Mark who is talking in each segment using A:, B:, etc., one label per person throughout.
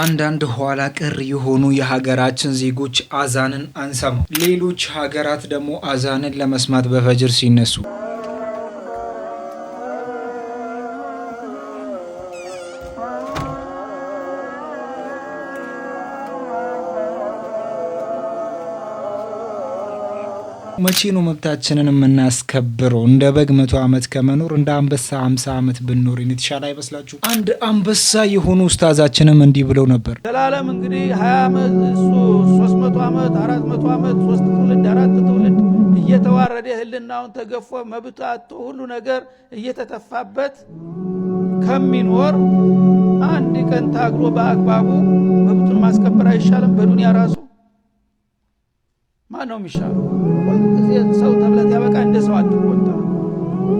A: አንዳንድ ኋላ ቀር የሆኑ የሀገራችን ዜጎች አዛንን አንሰማው፣ ሌሎች ሀገራት ደግሞ አዛንን ለመስማት በፈጅር ሲነሱ መቼ ነው መብታችንን የምናስከብረው? እንደ በግ መቶ ዓመት ከመኖር እንደ አንበሳ ሀምሳ ዓመት ብንኖር የተሻለ አይመስላችሁ? አንድ አንበሳ የሆኑ ውስታዛችንም እንዲህ ብለው ነበር። ዘላለም እንግዲህ ሀያ ዓመት ሶስት መቶ ዓመት አራት መቶ ዓመት ሶስት ትውልድ አራት ትውልድ እየተዋረደ ህልናውን ተገፎ መብት አቶ ሁሉ ነገር እየተተፋበት ከሚኖር አንድ ቀን ታግሎ በአግባቡ መብቱን ማስከበር አይሻልም? በዱኒያ ራሱ ማን ነው የሚሻለው? ሰው ተብለት ያበቃ እንደ ሰው አትቆጣ።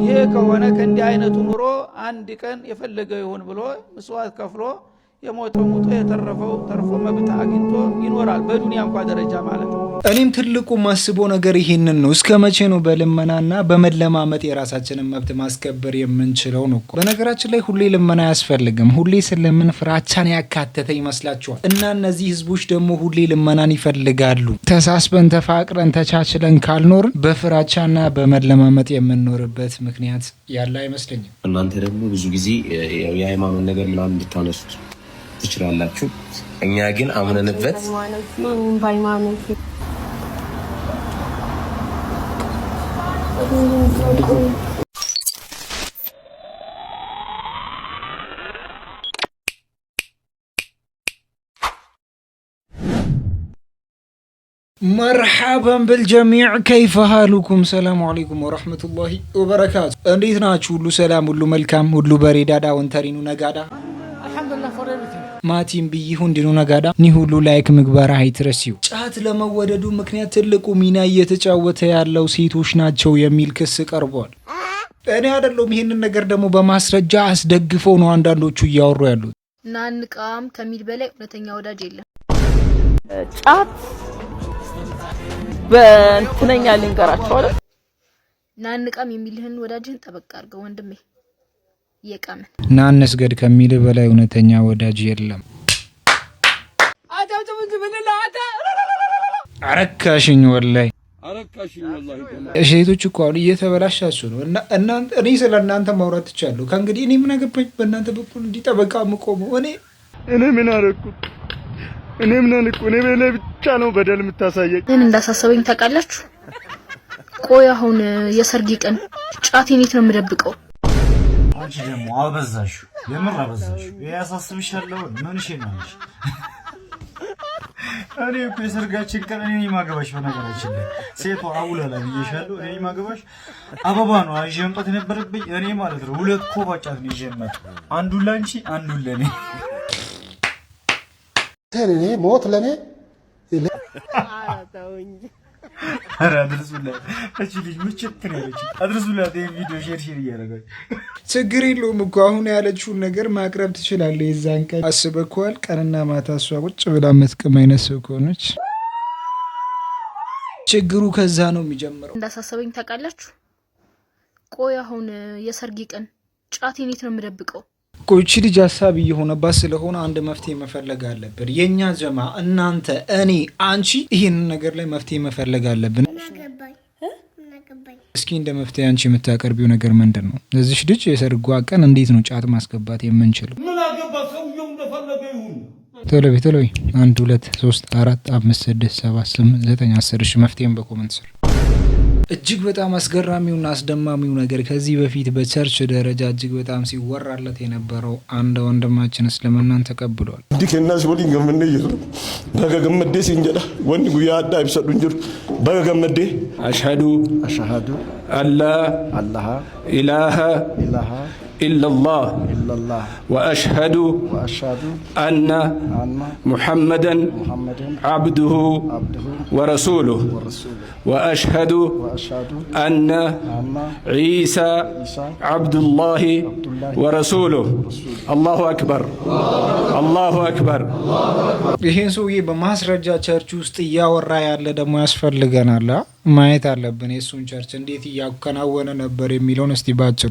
A: ይሄ ከሆነ ከእንዲህ አይነቱ ኑሮ አንድ ቀን የፈለገው ይሁን ብሎ ምስዋት ከፍሎ የሞተው ሙቶ የተረፈው ተርፎ መብት አግኝቶ ይኖራል። በዱንያ እንኳ ደረጃ ማለት ነው። እኔም ትልቁ ማስቦ ነገር ይሄንን ነው። እስከ መቼ ነው በልመናና በመለማመጥ የራሳችንን መብት ማስከበር የምንችለው? ነው እኮ በነገራችን ላይ ሁሌ ልመና አያስፈልግም። ሁሌ ስለምን ፍራቻን ያካተተ ይመስላችኋል? እና እነዚህ ህዝቦች ደግሞ ሁሌ ልመናን ይፈልጋሉ። ተሳስበን ተፋቅረን ተቻችለን ካልኖርን በፍራቻና በመለማመጥ የምንኖርበት ምክንያት ያለ አይመስለኝም።
B: እናንተ ደግሞ ብዙ ጊዜ የሃይማኖት ነገር ምናምን እንድታነሱ ትችላላችሁ። እኛ ግን አምነንበት
A: መርሓበን ብልጀሚዕ ከይፈ ሃሉኩም። ሰላሙ አለይኩም ወረሕመቱላሂ ወበረካቱ። እንዴት ናችሁ? ሁሉ ሰላም፣ ሁሉ መልካም፣ ሁሉ በሬዳዳ ወንተሪኑ ነጋዳ ማቲም ብይሁ እንዲኑ ነጋዳ ኒ ሁሉ ላይክ ምግባር አይትረሲው ጫት ለመወደዱ ምክንያት ትልቁ ሚና እየተጫወተ ያለው ሴቶች ናቸው የሚል ክስ ቀርቧል። እኔ አይደለሁም። ይህንን ነገር ደግሞ በማስረጃ አስደግፈው ነው አንዳንዶቹ እያወሩ ያሉት።
C: ናንቃም ከሚል በላይ እውነተኛ ወዳጅ የለም። ጫት በእንትነኛ ልንገራቸዋለን። ናንቃም የሚልህን ወዳጅህን ጠበቅ አድርገው ወንድሜ። የቀምን
A: ና እንስገድ ከሚል በላይ እውነተኛ ወዳጅ የለም። አረካሽኝ ወላይ ሴቶች እኮ አሁን እየተበላሻችሁ ነው። እኔ ስለ እናንተ ማውራት ትቻለሁ። ከእንግዲህ እኔ ምን አገባኝ? በእናንተ በኩል እንዲጠበቃ ጠበቃ እኔ እኔ ምን አረኩት? እኔ ምን አልኩ? እኔ በላይ ብቻ ነው በደል የምታሳየኝ።
C: ምን እንዳሳሰበኝ ታውቃላችሁ? ቆይ አሁን የሰርግ ቀን ጫቴን የት ነው የምደብቀው?
A: አንቺ ደግሞ አበዛሹ፣ የምር አበዛሹ። ይሄ ያሳስብሻል። ምን እሺ ነው አንቺ? እኔ እኮ የሰርጋችን ቀን እኔ ማገባሽ፣ በነገራችን ላይ ሴቷ አውላላ ብዬሻለሁ። እኔ ማገባሽ አበባ ነው ይዤ መምጣት የነበረብኝ እኔ ማለት ነው። ሁለት ኮባጫት ነው ይዤ መጣሁ። አንዱን ለአንቺ፣ አንዱን ለእኔ። ሞት ለእኔ ችግር የለውም እኮ አሁን ያለችውን ነገር ማቅረብ ትችላለህ። የዛን ቀን አስበከዋል። ቀንና ማታ እሷ ቁጭ ብላ መጥቀም አይነት ሰው ከሆነች ችግሩ ከዛ ነው የሚጀምረው።
C: እንዳሳሰበኝ ታውቃላችሁ። ቆይ አሁን የሰርጌ ቀን ጫት የት ነው የምደብቀው?
A: ቆይቺ ልጅ ሀሳብ እየሆነባት ስለሆነ አንድ መፍትሄ መፈለግ አለብን። የእኛ ጀማ፣ እናንተ፣ እኔ፣ አንቺ ይህንን ነገር ላይ መፍትሄ መፈለግ አለብን። እስኪ እንደ መፍትሄ አንቺ የምታቀርቢው ነገር ምንድን ነው? ለዚች ልጅ የሰርጓ ቀን እንዴት ነው ጫት ማስገባት የምንችለው? ቶሎ ቤ ቶሎ አንድ ሁለት ሶስት አራት አምስት ስድስት ሰባት ስምንት ዘጠኝ አስር። እሺ መፍትሄም በኮመንት ስር እጅግ በጣም አስገራሚውና አስደማሚው ነገር ከዚህ በፊት በቸርች ደረጃ እጅግ በጣም ሲወራለት የነበረው አንድ ወንድማችን እስልምናን ተቀብሏል። ዲኬናስ ወዲ ገመደ ይዙ በገገመዴ ሲንጀዳ ወን ጉያ አዳ ይብሰዱ እንጅሩ በገገመዴ አሽሀዱ አላ አላሃ ኢላሃ إلا الله وأشهد أن محمدا عبده ورسوله وأشهد أن عيسى عبد الله ورسوله አላሁ አክበር አላሁ አክበር። ይህን ሰውዬ በማስረጃ ቸርች ውስጥ እያወራ ያለ ደግሞ ያስፈልገናል፣ ማየት አለብን። የእሱን ቸርች እንዴት እያከናወነ ነበር የሚለውን እስቲ ባጭሩ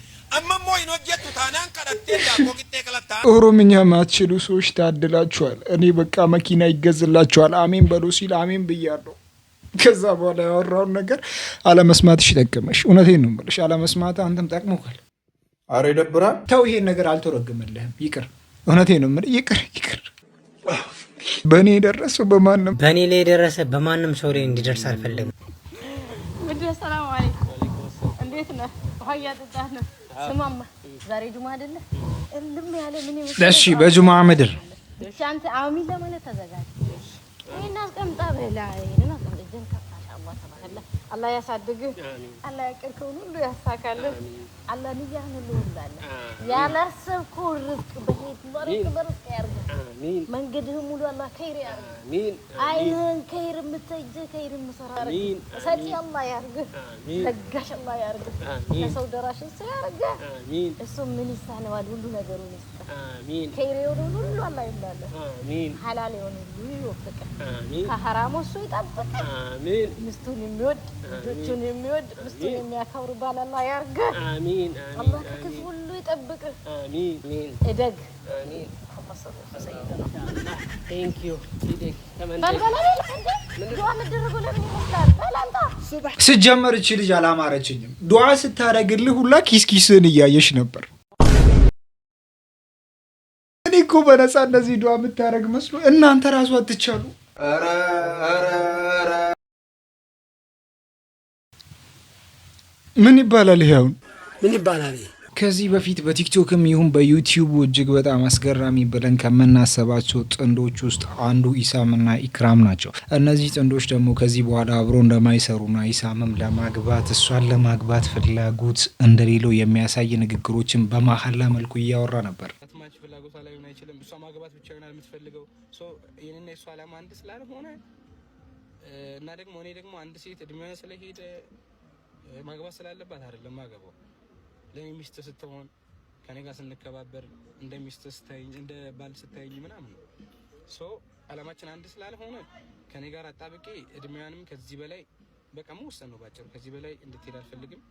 A: ኦሮምኛ አትችሉ ሰዎች ታድላችኋል። እኔ በቃ መኪና ይገዝላችኋል አሜን በሉ ሲል አሜን ብያለሁ። ከዛ በኋላ ያወራውን ነገር አለመስማትሽ ጠቀመሽ። እውነቴን ነው የምልሽ፣ አለመስማት አንተም ጠቅሞካል። አረ ይደብራል። ተው ይሄን ነገር አልተረግምልህም፣ ይቅር። እውነቴን ነው የምልህ፣ ይቅር፣ ይቅር። በእኔ የደረሰው በማንም
D: በእኔ ላይ የደረሰ በማንም ሰው ላይ እንዲደርስ አልፈለግም።
C: ሰላም አለይኩም፣ እንዴት ነህ? ውሃ እያጠጣህ ነው ስማማ ዛሬ ጁማ አይደለ? እልም
A: ያለ ምን ይመስል? እሺ በጁማ ምድር
C: አንተ አሚን ለማለት ተዘጋጅ። እኔ ቀምጣ በላይ አላህ ያሳድግህ። አላህ ያቀርከውን ሁሉ ያሳካልህ። አላህ ንያህን ሁሉ ይሙላልህ። ያላሰብከው ርዝቅ በሄድ በርቅ በርቅ ያርግህ። መንገድህን ሙሉ አላህ ከይር ያርግህ። አይንህን ከይር የምትይዝ ከይር የምሰራ ሰጪ አላህ ያርግህ። ለጋሽ አላህ ያርግህ። ለሰው ደራሽ እሱ ያርግህ። እሱ ምን ይሳነዋል? ሁሉ ነገሩን ይስጥ። ከይር የሆነውን ሁሉ አላህ ይሙላልህ። ሀላል የሆነ ሁሉ ይወፍቅህ። ከሀራሙ እሱ ይጠብቅህ። ሚስቱን የሚወድ ልጆቹን የሚወድ የሚያከብር ባል አላህ አሚን። አላህ ከክፉ ሁሉ አሚን። እደግ።
A: ስጀመር እቺ ልጅ አላማረችኝም። ዱዓ ስታደርግልህ ሁላ ኪስ ኪስን እያየሽ ነበር። እኔ እኮ በነፃ እንደዚህ ዱዓ የምታደርግ መስሎ እናንተ ራሱ አትቻሉ። ምን ይባላል ይሄ አሁን ምን ይባላል? ከዚህ በፊት በቲክቶክም ይሁን በዩቲዩብ እጅግ በጣም አስገራሚ ብለን ከምናሰባቸው ጥንዶች ውስጥ አንዱ ኢሳምና ኢክራም ናቸው። እነዚህ ጥንዶች ደግሞ ከዚህ በኋላ አብሮ እንደማይሰሩና ኢሳምም ለማግባት እሷን ለማግባት ፍላጎት እንደሌለው የሚያሳይ ንግግሮችን በመሐላ መልኩ እያወራ ነበር። ብቻ እና ደግሞ እኔ ደግሞ አንድ ሴት እድሜዋን ስለሄደ ማግባት ስላለባት አይደለም ማገባው። ለኔ ሚስት ስትሆን ከኔ ጋር ስንከባበር እንደ ሚስት ስታይኝ፣ እንደ ባል ስታይኝ ምናምን ሶ አላማችን አንድ ስላልሆነ ከኔ ጋር አጣብቄ እድሜዋንም ከዚህ በላይ በቃ መወሰን ነው ባጭሩ። ከዚህ በላይ እንድትሄድ አልፈልግም።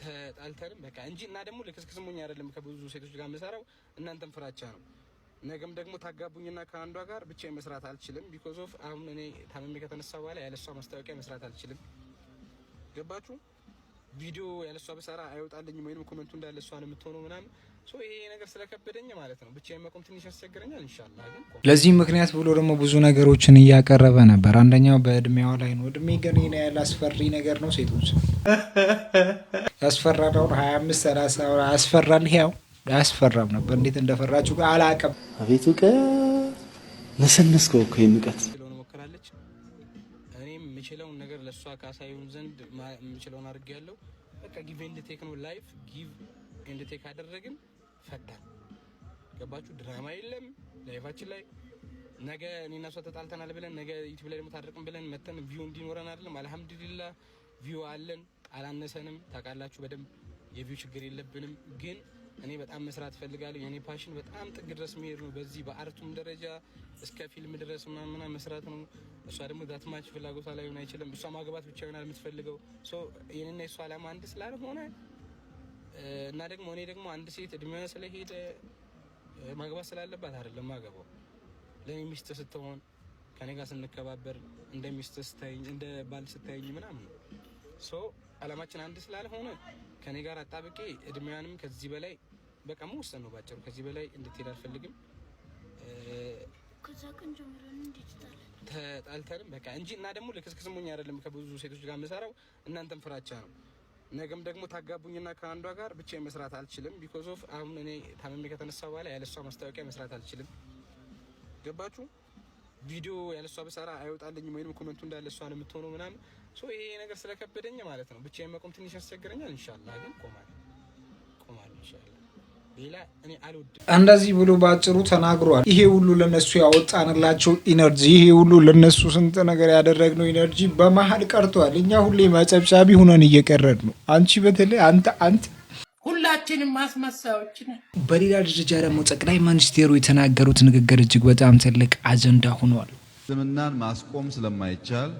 A: ተጣልተንም በቃ እንጂ እና ደግሞ ልክስክስሞኝ አይደለም ከብዙ ሴቶች ጋር የምሰራው እናንተም ፍራቻ ነው ነገም ደግሞ ታጋቡኝና ከአንዷ ጋር ብቻ መስራት አልችልም። ቢኮዝ ኦፍ አሁን እኔ ታመሜ ከተነሳ በኋላ ያለሷ ማስታወቂያ መስራት አልችልም። ገባችሁ? ቪዲዮ ያለሷ በሰራ አይወጣልኝም ወይም ኮመንቱ እንዳለ እሷ ነው የምትሆነው ምናምን። ሶ ይሄ ነገር ስለከበደኝ ማለት ነው ብቻ የመቆም ትንሽ ያስቸግረኛል። እንሻላ ለዚህም ምክንያት ብሎ ደግሞ ብዙ ነገሮችን እያቀረበ ነበር። አንደኛው በእድሜዋ ላይ ነው። እድሜ ግን ይሄን ያህል አስፈሪ ነገር ነው። ሴቶች ያስፈራል። አሁን 25 30 አስፈራል። ያው ያስፈራም ነበር። እንዴት እንደፈራችሁ አላውቅም። አቤት እውቀት ነሰነስከው እኮ ይንቀት እውቀት እኔም የምችለውን ነገር ለእሷ ካሳዩን ዘንድ የምችለውን አድርግ ያለው በቃ ጊቭ ኤንድ ቴክ ነው ላይፍ። ጊቭ ኤንድ ቴክ አደረግን፣ ፈታን። ገባችሁ? ድራማ የለም ላይፋችን ላይ ነገ እኔና እሷ ተጣልተናል ብለን ነገ ዩቲብ ላይ ደግሞ ታረቅም ብለን መተን ቪው እንዲኖረን አይደለም። አልሐምዱሊላ ቪው አለን፣ አላነሰንም። ታውቃላችሁ በደንብ የቪው ችግር የለብንም ግን እኔ በጣም መስራት ፈልጋለሁ። የኔ ፓሽን በጣም ጥግ ድረስ መሄድ ነው። በዚህ በአርቱም ደረጃ እስከ ፊልም ድረስ ምናምና መስራት ነው። እሷ ደግሞ ዛትማች ፍላጎቷ ላይ ሆን አይችልም። እሷ ማግባት ብቻ ይሆናል የምትፈልገው። ይህንና የእሷ ዓላማ አንድ ስላልሆነ እና ደግሞ እኔ ደግሞ አንድ ሴት እድሜዋ ስለሄደ ማግባት ስላለባት አይደለም ማገባው ለእኔ ሚስት ስትሆን ከኔ ጋር ስንከባበር እንደ ሚስት ስታይኝ እንደ ባል ስታይኝ ምናምን ነው አላማችን አንድ ስላልሆነ ከኔ ጋር አጣብቄ እድሜዋንም ከዚህ በላይ በቃ መወሰን ነው ባጭሩ። ከዚህ በላይ እንድትሄድ አልፈልግም። ተጣልተንም በቃ እንጂ እና ደግሞ ልክስክስ ሞኝ አይደለም ከብዙ ሴቶች ጋር የምሰራው እናንተም ፍራቻ ነው። ነገም ደግሞ ታጋቡኝና ከአንዷ ጋር ብቻ መስራት አልችልም። ቢኮዝ ኦፍ አሁን እኔ ታመሜ ከተነሳ በኋላ ያለሷ ማስታወቂያ መስራት አልችልም። ገባችሁ? ቪዲዮ ያለሷ ብሰራ አይወጣልኝም ወይም ኮመንቱ እንዳለሷ ነው የምትሆነው ምናምን ሶ ይሄ ነገር ስለከበደኝ ማለት ነው ብቻ መቆም ትንሽ ያስቸግረኛል። ኢንሻአላህ ግን ቆማለሁ ቆማለሁ ኢንሻአላህ። ሌላ እኔ እንደዚህ ብሎ ባጭሩ ተናግሯል። ይሄ ሁሉ ለነሱ ያወጣንላቸው ኢነርጂ፣ ይሄ ሁሉ ለነሱ ስንት ነገር ያደረግነው ኢነርጂ በመሀል ቀርቷል። እኛ ሁሌ መጨብጫቢ ሁነን እየቀረድ ነው። አንቺ በተለይ አንተ አንተ
C: ሁላችንም ማስመሳዮች ነን።
A: በሌላ ደረጃ ደግሞ ጠቅላይ ሚኒስቴሩ የተናገሩት ንግግር እጅግ በጣም ትልቅ አጀንዳ ሆኗል። እስልምናን ማስቆም ስለማይቻል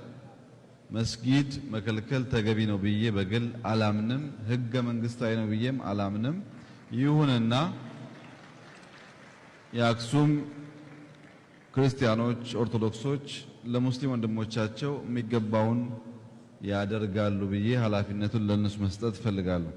A: መስጊድ መከልከል ተገቢ ነው ብዬ በግል አላምንም። ህገ መንግስታዊ ነው ብዬም አላምንም። ይሁንና የአክሱም ክርስቲያኖች፣ ኦርቶዶክሶች ለሙስሊም ወንድሞቻቸው የሚገባውን ያደርጋሉ ብዬ ኃላፊነቱን ለእነሱ መስጠት እፈልጋለሁ።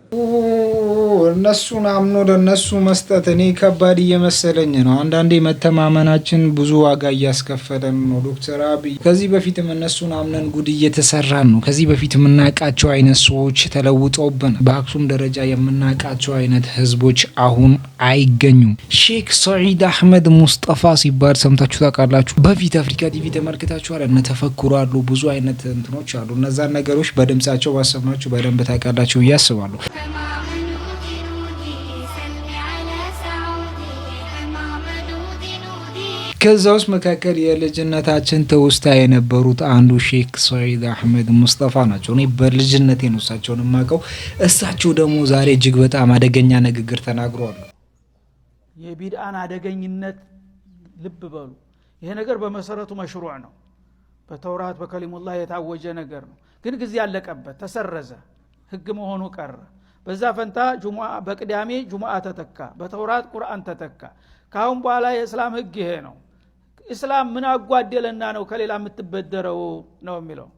A: እነሱን አምኖ ለእነሱ መስጠት እኔ ከባድ እየመሰለኝ ነው። አንዳንዴ መተማመናችን ብዙ ዋጋ እያስከፈለን ነው። ዶክተር አብይ ከዚህ በፊትም እነሱን አምነን ጉድ እየተሰራን ነው። ከዚህ በፊት የምናውቃቸው አይነት ሰዎች ተለውጠውብን፣ በአክሱም ደረጃ የምናውቃቸው አይነት ህዝቦች አሁን አይገኙም። ሼክ ሰዒድ አህመድ ሙስጠፋ ሲባል ሰምታችሁ ታውቃላችሁ? በፊት አፍሪካ ቲቪ ተመልክታችኋል። እነ ተፈክሩ አሉ፣ ብዙ አይነት እንትኖች አሉ እነዛ ነገሮች በድምጻቸው ባሰማችሁ በደንብ ታውቃላችሁ ብዬ አስባለሁ። ከዛ ውስጥ መካከል የልጅነታችን ትውስታ የነበሩት አንዱ ሼክ ሰይድ አህመድ ሙስጠፋ ናቸው። እኔ በልጅነቴ ነው እሳቸውን የማውቀው። እሳቸው ደግሞ ዛሬ እጅግ በጣም አደገኛ ንግግር ተናግሯሉ። የቢድአን አደገኝነት ልብ በሉ። ይሄ ነገር በመሰረቱ መሽሩዕ ነው። በተውራት በከሊሙላህ የታወጀ ነገር ነው። ግን ጊዜ ያለቀበት ተሰረዘ፣ ህግ መሆኑ ቀረ። በዛ ፈንታ በቅዳሜ ጁሙአ ተተካ፣ በተውራት ቁርአን ተተካ። ካሁን በኋላ የእስላም ህግ ይሄ ነው። እስላም ምን አጓደለና ነው ከሌላ የምትበደረው ነው የሚለው።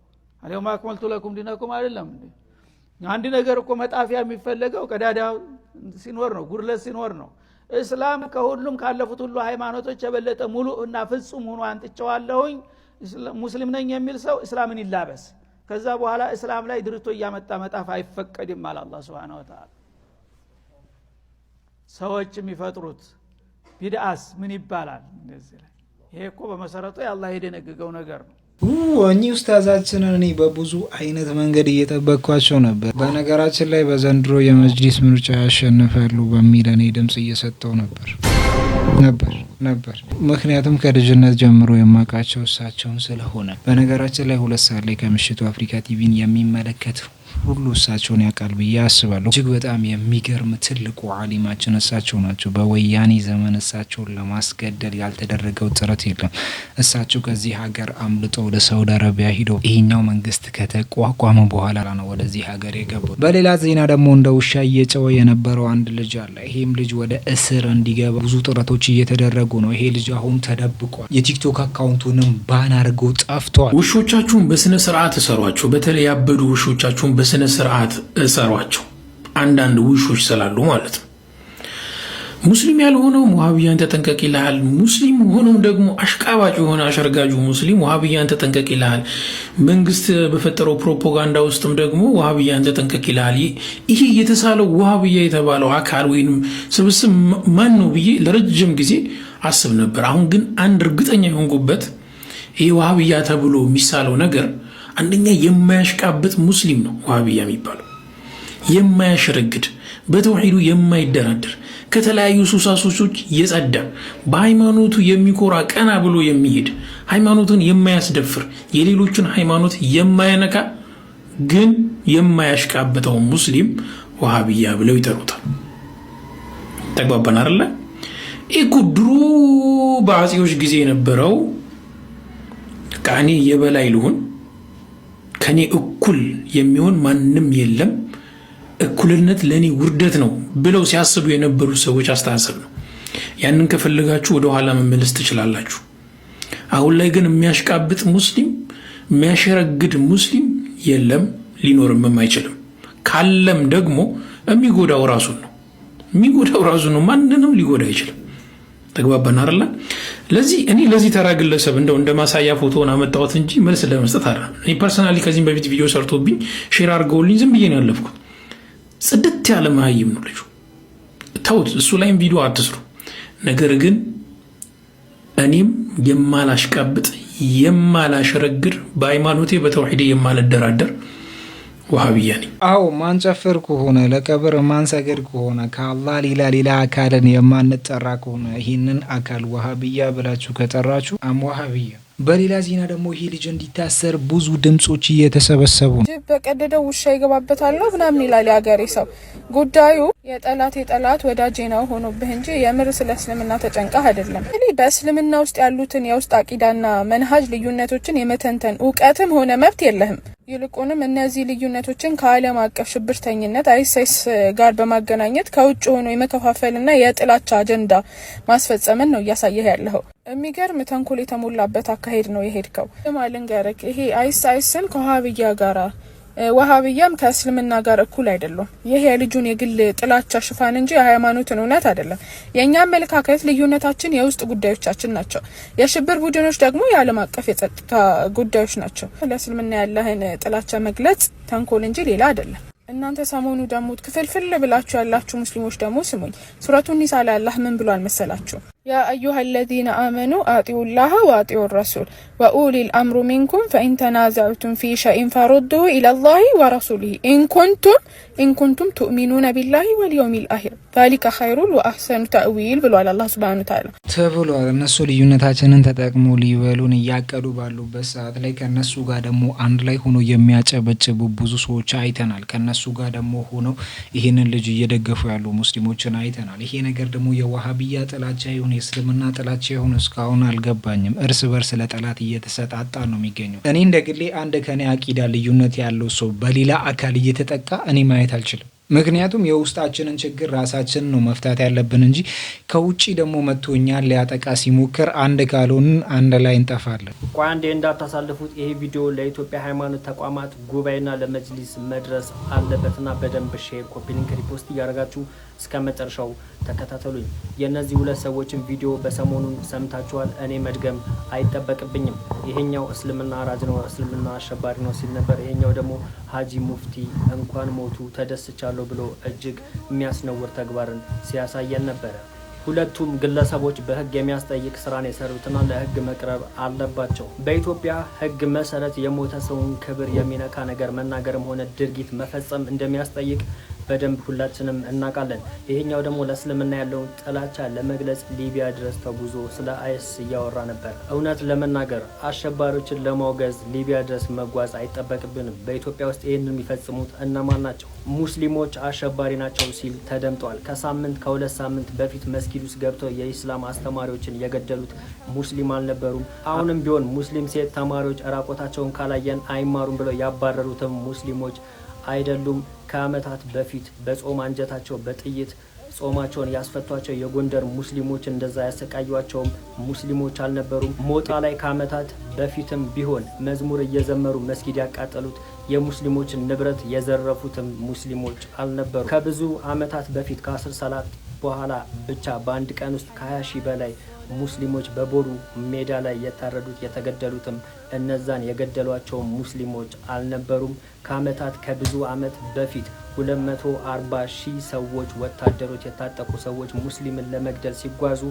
A: አልየውም አክመልቱ ለኩም ዲነኩም አይደለም እንዴ? አንድ ነገር እኮ መጣፊያ የሚፈለገው ቀዳዳ ሲኖር ነው፣ ጉድለት ሲኖር ነው። እስላም ከሁሉም ካለፉት ሁሉ ሃይማኖቶች የበለጠ ሙሉ እና ፍጹም ሆኖ አንጥቸዋለሁኝ ሙስሊም ነኝ የሚል ሰው እስላምን ይላበስ ከዛ በኋላ እስላም ላይ ድርቶ እያመጣ መጣፍ አይፈቀድም አለ አላ ስብን ወተላ ሰዎች የሚፈጥሩት ቢድአስ ምን ይባላል እንደዚህ ላይ ይሄ እኮ በመሰረቱ የአላ የደነገገው ነገር ነው እኚህ ውስታዛችንን እኔ በብዙ አይነት መንገድ እየጠበቅኳቸው ነበር። በነገራችን ላይ በዘንድሮ የመጅሊስ ምርጫ ያሸንፋሉ በሚል እኔ ድምፅ እየሰጠው ነበር። ነበር ነበር ምክንያቱም ከልጅነት ጀምሮ የማውቃቸው እሳቸውን ስለሆነ። በነገራችን ላይ ሁለት ሰዓት ላይ ከምሽቱ አፍሪካ ቲቪን የሚመለከት ሁሉ እሳቸውን ያውቃል ብዬ አስባለሁ። እጅግ በጣም የሚገርም ትልቁ አሊማችን እሳቸው ናቸው። በወያኔ ዘመን እሳቸውን ለማስገደል ያልተደረገው ጥረት የለም። እሳቸው ከዚህ ሀገር አምልጠው ወደ ሳውዲ አረቢያ ሂደው ይህኛው መንግስት ከተቋቋመ በኋላ ነው ወደዚህ ሀገር የገቡ። በሌላ ዜና ደግሞ እንደ ውሻ እየጨወ የነበረው አንድ ልጅ አለ። ይሄም ልጅ ወደ እስር እንዲገባ ብዙ ጥረቶች እየተደረጉ ነው። ይሄ ልጅ አሁን ተደብቋል። የቲክቶክ አካውንቱንም ባን አድርገው ጠፍቷል። ውሾቻችሁን በስነ ስርዓት እሰሯቸው። በተለይ ያበዱ ውሾቻችሁን በስነ ስርዓት እሰሯቸው። አንዳንድ ውሾች ስላሉ ማለት ነው። ሙስሊም ያልሆነው ውሃብያን ተጠንቀቅ ይልሃል። ሙስሊም ሆኖም ደግሞ አሽቃባጭ የሆነ አሸርጋጁ ሙስሊም ውሃብያን ተጠንቀቅ ይልሃል። መንግስት በፈጠረው ፕሮፓጋንዳ ውስጥም ደግሞ ውሃብያን ተጠንቀቅ ይልሃል። ይሄ የተሳለው ውሃብያ የተባለው አካል ወይም ስብስብ ማን ነው ብዬ ለረጅም ጊዜ አስብ ነበር። አሁን ግን አንድ እርግጠኛ የሆንኩበት ይህ ውሃብያ ተብሎ የሚሳለው ነገር አንደኛ የማያሽቃብጥ ሙስሊም ነው ዋሃብያ የሚባለው የማያሸረግድ በተውሂዱ የማይደራደር ከተለያዩ ሱሳሱሶች የጸዳ በሃይማኖቱ የሚኮራ ቀና ብሎ የሚሄድ ሃይማኖቱን የማያስደፍር የሌሎችን ሃይማኖት የማያነካ ግን የማያሽቃብጠው ሙስሊም ዋሃብያ ብለው ይጠሩታል። ተግባባን አይደለ? ይህ ድሮ በአጼዎች ጊዜ የነበረው ከእኔ የበላይ ልሆን ከኔ እኩል የሚሆን ማንም የለም፣ እኩልነት ለእኔ ውርደት ነው ብለው ሲያስቡ የነበሩ ሰዎች አስተሳሰብ ነው። ያንን ከፈለጋችሁ ወደኋላ መመለስ ትችላላችሁ። አሁን ላይ ግን የሚያሽቃብጥ ሙስሊም የሚያሸረግድ ሙስሊም የለም፣ ሊኖርም አይችልም። ካለም ደግሞ የሚጎዳው ራሱን ነው። የሚጎዳው ራሱ ነው። ማንንም ሊጎዳ አይችልም። ተግባባን አይደል? ለዚህ እኔ ለዚህ ተራ ግለሰብ እንደው እንደ ማሳያ ፎቶን አመጣሁት እንጂ መልስ ለመስጠት አለ። እኔ ፐርሰናሊ ከዚህም በፊት ቪዲዮ ሰርቶብኝ ሼር አድርገውልኝ ዝም ብዬ ነው ያለፍኩት። ጽድት ያለ መሀይም ነው ልጁ። ተውት፣ እሱ ላይም ቪዲዮ አትስሩ። ነገር ግን እኔም የማላሽቃብጥ የማላሽረግር በሃይማኖቴ በተውሒዴ የማልደራደር ውሃብያ ነኝ። አዎ ማንጨፍር ከሆነ ለቀብር ማንሰገድ ከሆነ ከአላህ ሌላ ሌላ አካልን የማንጠራ ከሆነ ይህንን አካል ውሃብያ ብላችሁ ከጠራችሁ አም ውሃብያ። በሌላ ዜና ደግሞ ይሄ ልጅ እንዲታሰር ብዙ ድምጾች እየተሰበሰቡ ነው። በቀደደው ውሻ ይገባበታል ነው ምናምን ይላል የሀገሬ ሰው ጉዳዩ የጠላት የጠላት ወዳጅ ነው ሆኖብህ እንጂ የምር ስለ እስልምና ተጨንቃህ አይደለም። እኔ በእስልምና ውስጥ ያሉትን የውስጥ አቂዳና መንሃጅ ልዩነቶችን የመተንተን እውቀትም ሆነ መብት የለህም። ይልቁንም እነዚህ ልዩነቶችን ከዓለም አቀፍ ሽብርተኝነት አይሴስ ጋር በማገናኘት ከውጭ ሆኖ የመከፋፈልና የጥላቻ አጀንዳ ማስፈጸምን ነው እያሳየህ ያለኸው። የሚገርም ተንኮል የተሞላበት አካሄድ ነው የሄድከው። ማልንገርክ ይሄ አይሳይስን ከውሃብያ ጋራ ወሃብያም ከእስልምና ጋር እኩል አይደሉም። ይህ የልጁን የግል ጥላቻ ሽፋን እንጂ የሃይማኖትን እውነት አይደለም። የእኛ አመለካከት ልዩነታችን የውስጥ ጉዳዮቻችን ናቸው። የሽብር ቡድኖች ደግሞ የዓለም አቀፍ የጸጥታ ጉዳዮች ናቸው። ለእስልምና ያለህን ጥላቻ መግለጽ ተንኮል እንጂ ሌላ አይደለም። እናንተ ሰሞኑ ደግሞ ክፍልፍል ብላችሁ ያላችሁ ሙስሊሞች ደግሞ ስሙኝ። ሱረቱ ኒሳ ላይ አላህ ምን ብሎ አልመሰላችሁ? ያ አዩሃ አለዚነ አመኑ አጢኡ ላሀ ወአጢኡ ረሱል ወኡሊል አምሩ ሚንኩም ፈኢን ተናዘዕቱም ፊ ሸይን ፈሩዱሁ ኢለላሂ ወረሱሊሂ ኢንኩንቱም ኢንኩንቱም ቱእሚኑነ ቢላሂ ወልየውሚል አኺር ዛሊከ ኸይሩን ወአሕሰኑ ተእዊል ብሏል አላህ ሱብሃነሁ ወተዓላ ተብሏል። እነሱ ልዩነታችንን ተጠቅሞ ሊበሉን እያቀዱ ባሉበት ሰዓት ላይ ከእነሱ ጋር ደግሞ አንድ ላይ ሆኖ የሚያጨበጭቡ ብዙ ሰዎች አይተናል። ከእነሱ ጋር ደግሞ ሆነው ይህንን ልጅ እየደገፉ ያሉ ሙስሊሞችን አይተናል። ይሄ ነገር ደግሞ የዋሃብያ ጥላቻ ይሁን የእስልምና ጥላቻ የሆነ እስካሁን አልገባኝም። እርስ በርስ ለጠላት እየተሰጣጣ ነው የሚገኘው። እኔ እንደ ግሌ አንድ ከኔ አቂዳ ልዩነት ያለው ሰው በሌላ አካል እየተጠቃ እኔ ማየት አልችልም። ምክንያቱም የውስጣችንን ችግር ራሳችንን ነው መፍታት ያለብን እንጂ ከውጭ ደግሞ መጥቶ እኛን ሊያጠቃ ሲሞክር አንድ ካልሆን አንድ ላይ እንጠፋለን። ቆይ አንዴ እንዳታሳልፉት። ይሄ ቪዲዮ ለኢትዮጵያ ሃይማኖት ተቋማት ጉባኤና ለመጅሊስ መድረስ አለበትና በደንብ ሼር፣ ኮፒ ሊንክ፣ ሪፖስት እያደረጋችሁ እስከ መጨረሻው ተከታተሉኝ። የእነዚህ ሁለት ሰዎችን ቪዲዮ በሰሞኑን ሰምታችኋል። እኔ መድገም አይጠበቅብኝም። ይሄኛው እስልምና አራጅ ነው፣ እስልምና አሸባሪ ነው ሲል ነበር። ይሄኛው ደግሞ ሀጂ ሙፍቲ እንኳን ሞቱ ተደስቻለሁ ብሎ እጅግ የሚያስነውር ተግባርን ሲያሳየን ነበረ። ሁለቱም ግለሰቦች በህግ የሚያስጠይቅ ስራን የሰሩትና ለህግ መቅረብ አለባቸው። በኢትዮጵያ ህግ መሰረት የሞተ ሰውን ክብር የሚነካ ነገር መናገርም ሆነ ድርጊት መፈጸም እንደሚያስጠይቅ በደንብ ሁላችንም እናውቃለን። ይሄኛው ደግሞ ለእስልምና ያለውን ጥላቻ ለመግለጽ ሊቢያ ድረስ ተጉዞ ስለ አይስ እያወራ ነበር። እውነት ለመናገር አሸባሪዎችን ለማውገዝ ሊቢያ ድረስ መጓዝ አይጠበቅብንም። በኢትዮጵያ ውስጥ ይህንን የሚፈጽሙት እነማን ናቸው? ሙስሊሞች አሸባሪ ናቸው ሲል ተደምጧል። ከሳምንት ከሁለት ሳምንት በፊት መስጊድ ውስጥ ገብተው የኢስላም አስተማሪዎችን የገደሉት ሙስሊም አልነበሩም። አሁንም ቢሆን ሙስሊም ሴት ተማሪዎች ራቆታቸውን ካላየን አይማሩም ብለው ያባረሩትም ሙስሊሞች አይደሉም። ከዓመታት በፊት በጾም አንጀታቸው በጥይት ጾማቸውን ያስፈቷቸው የጎንደር ሙስሊሞች እንደዛ ያሰቃዩቸውም ሙስሊሞች አልነበሩም። ሞጣ ላይ ከዓመታት በፊትም ቢሆን መዝሙር እየዘመሩ መስጊድ ያቃጠሉት የሙስሊሞችን ንብረት የዘረፉትም ሙስሊሞች አልነበሩ። ከብዙ ዓመታት በፊት ከ በኋላ ብቻ በአንድ ቀን ውስጥ ከ20 ሺህ በላይ ሙስሊሞች በቦሩ ሜዳ ላይ የታረዱት የተገደሉትም እነዛን የገደሏቸው ሙስሊሞች አልነበሩም። ከአመታት ከብዙ አመት በፊት 240 ሺህ ሰዎች ወታደሮች የታጠቁ ሰዎች ሙስሊምን ለመግደል ሲጓዙ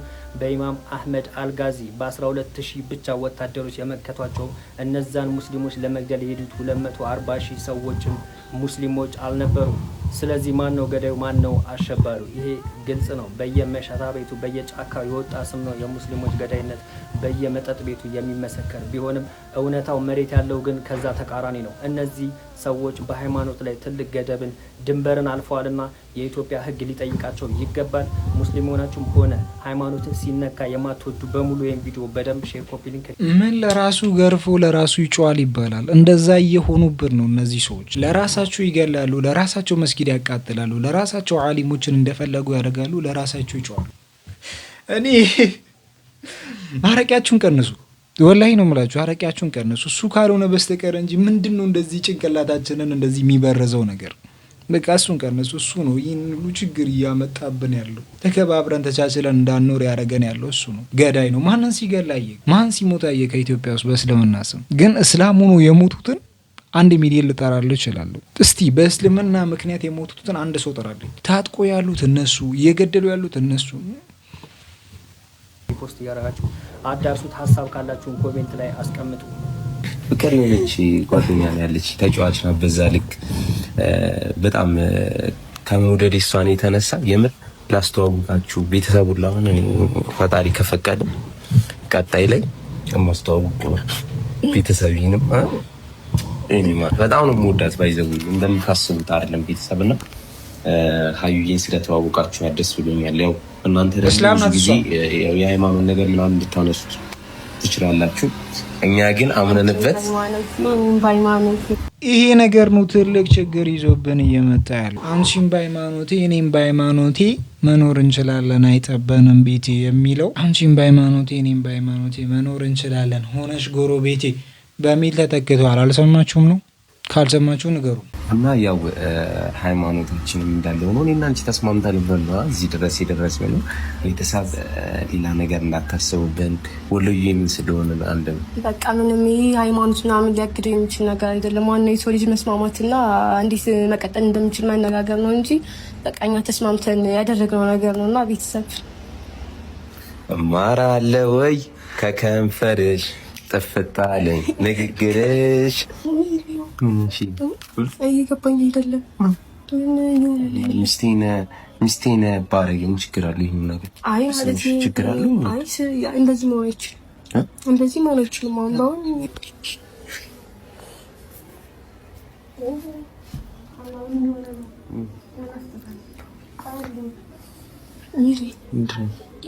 A: በኢማም አህመድ አልጋዚ በ12 ሺህ ብቻ ወታደሮች የመከቷቸው እነዛን ሙስሊሞች ለመግደል የሄዱት 240 ሺህ ሰዎችም ሙስሊሞች አልነበሩም። ስለዚህ ማን ነው ገዳዩ? ማን ነው አሸባሪው? ይሄ ግልጽ ነው። በየመሸታ ቤቱ በየጫካው የወጣ ስም ነው የሙስሊሞች ገዳይነት በየመጠጥ ቤቱ የሚመሰከር ቢሆንም እውነታው መሬት ያለው ግን ከዛ ተቃራኒ ነው። እነዚህ ሰዎች በሃይማኖት ላይ ትልቅ ገደብን፣ ድንበርን አልፈዋልና የኢትዮጵያ ሕግ ሊጠይቃቸው ይገባል። ሙስሊም ሆናችሁም ሆነ ሃይማኖትን ሲነካ የማትወዱ በሙሉ ወይም ቪዲዮ በደንብ ሼር፣ ኮፒ ሊንክ። ምን ለራሱ ገርፎ ለራሱ ይጮዋል ይባላል። እንደዛ እየሆኑብን ነው እነዚህ ሰዎች። ለራሳቸው ይገላሉ፣ ለራሳቸው መስጊድ ያቃጥላሉ፣ ለራሳቸው አሊሞችን እንደፈለጉ ያደርጋሉ፣ ለራሳቸው ይጮዋሉ። እኔ ማረቂያችሁን ቀንሱ። ወላሂ ነው የምላችሁ፣ አረቂያችሁን ቀንሱ። እሱ ካልሆነ በስተቀር እንጂ ምንድን ነው እንደዚህ ጭንቅላታችንን እንደዚህ የሚበረዘው ነገር? በቃ እሱን ቀንሱ። እሱ ነው ይህን ሁሉ ችግር እያመጣብን ያለው። ተከባብረን ተቻችለን እንዳንኖር ያደረገን ያለው እሱ ነው። ገዳይ ነው። ማንን ሲገላ አየ? ማን ሲሞት አየ? ከኢትዮጵያ ውስጥ በእስልምና ስም ግን እስላም ሆኖ የሞቱትን አንድ ሚሊዮን ልጠራልህ እችላለሁ። እስቲ በእስልምና ምክንያት የሞቱትን አንድ ሰው ጠራልኝ። ታጥቆ ያሉት እነሱ፣ እየገደሉ ያሉት እነሱ ሪፖስት እያደረጋችሁ አዳርሱት። ሀሳብ ካላችሁን ኮሜንት ላይ አስቀምጡ።
B: ፍቅር የሆነች ጓደኛ ነው ያለች ተጫዋች ናት። በዛ ልክ በጣም ከመውደድ እሷን የተነሳ የምር ላስተዋውቃችሁ ቤተሰቡን ላሆን ፈጣሪ ከፈቀደ ቀጣይ ላይ የማስተዋውቅ ቤተሰቢንም በጣም ነው የምወዳት። ባይዘው እንደምታስቡት አይደለም ቤተሰብና ሀዩዬን ስለተዋወቃችሁ ያደስ ብሎኛል። ያው እናንተ ደግሞ ጊዜ የሃይማኖት ነገር ምናምን እንድታነሱ ትችላላችሁ። እኛ ግን አምነንበት
A: ይሄ ነገር ነው ትልቅ ችግር ይዞብን እየመጣ ያለ። አንቺም በሃይማኖቴ እኔም በሃይማኖቴ መኖር እንችላለን አይጠበንም ቤቴ የሚለው አንቺም በሃይማኖቴ እኔም በሃይማኖቴ መኖር እንችላለን ሆነሽ ቤቴ በሚል ተተክተዋል። አልሰማችሁም ነው ካልሰማችሁ ንገሩ
B: እና ያው ሃይማኖታችንም እንዳለ ሆኖ እኔና አንቺ ተስማምተን ነበር እዚህ ድረስ የደረስ ነው። ቤተሰብ ሌላ ነገር እንዳታስቡብን ወሎዬ ምን ስለሆነ አንድ
C: በቃ ምንም ይህ ሃይማኖት ምናምን ሊያግደው የሚችል ነገር አይደለም። ዋናው የሰው ልጅ መስማማትና እንዴት መቀጠል እንደምችል መነጋገር ነው እንጂ በቃ እኛ ተስማምተን ያደረግነው ነገር ነው እና ቤተሰብ
B: ማራ አለ ወይ ከከንፈርሽ ጥፍታለኝ ንግግርሽ
C: እየገባኝ አይደለም።
B: ሚስቴን ባረግ ችግር አለ። ይህ
C: ነገር ችግር አለ። እንደዚህ መሆን አይችልም። እንደዚህ መሆን አይችልም። አሁን በአሁን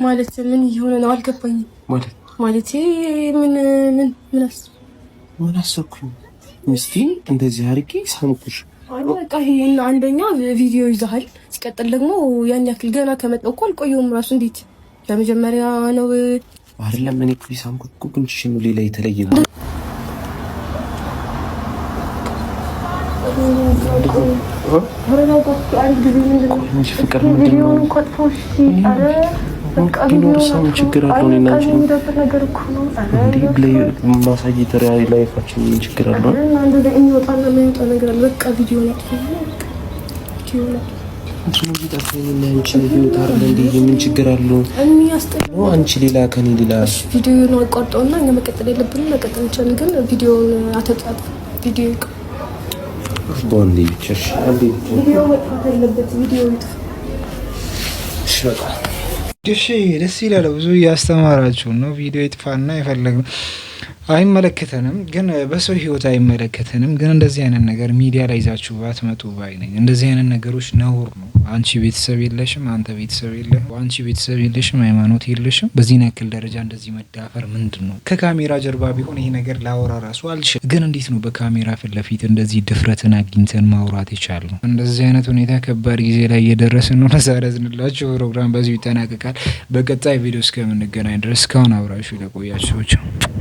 C: ማለት ምን እየሆነ ነው? አልገባኝም። ማለት ምን ምን
A: ምን አሰብኩኝ ሚስቲን እንደዚህ አድርጌ ሳምኩሽ።
C: በቃ ይሄን አንደኛ ቪዲዮ ይዛል ሲቀጥል ደግሞ ያን ያክል ገና ከመጣሁ እኮ አልቆየሁም። ራሱ እንዴት ለመጀመሪያ ነው
A: አይደለም? እኔ እኮ ሳምኩት እኮ ጉንጭሽ ነው ሌላ የተለየ ነው።
C: ፍቅር ምንድን ነው?
A: ቢኖር ማሳየት ላይፋችን ምን ችግር አለው? ምን ችግር አለው? አንቺ ሌላ ከኔ ሌላ
C: እኛ መቀጠል የለብንም መቀጠል እንችላለን፣ ግን አተጣጥ ቪዲዮ
A: እሺ ደስ ይላል። ብዙ እያስተማራችሁ ነው። ቪዲዮ ይጥፋና አይፈለግም። አይመለከተንም ግን በሰው ህይወት አይመለከተንም ግን እንደዚህ አይነት ነገር ሚዲያ ላይ ይዛችሁ ባትመጡ ባይ ነኝ። እንደዚህ አይነት ነገሮች ነውር ነው። አንቺ ቤተሰብ የለሽም፣ አንተ ቤተሰብ የለህ፣ አንቺ ቤተሰብ የለሽም፣ ሃይማኖት የለሽም። በዚህን ያክል ደረጃ እንደዚህ መዳፈር ምንድን ነው? ከካሜራ ጀርባ ቢሆን ይሄ ነገር ላወራ ራሱ አልችል፣ ግን እንዴት ነው በካሜራ ፊት ለፊት እንደዚህ ድፍረትን አግኝተን ማውራት የቻል ነው? እንደዚህ አይነት ሁኔታ ከባድ ጊዜ ላይ እየደረስን ነው። ለዛሬ ፕሮግራም በዚሁ ይጠናቀቃል። በቀጣይ ቪዲዮ እስከምንገናኝ ድረስ እስካሁን አብራችሁ ለቆያችሁ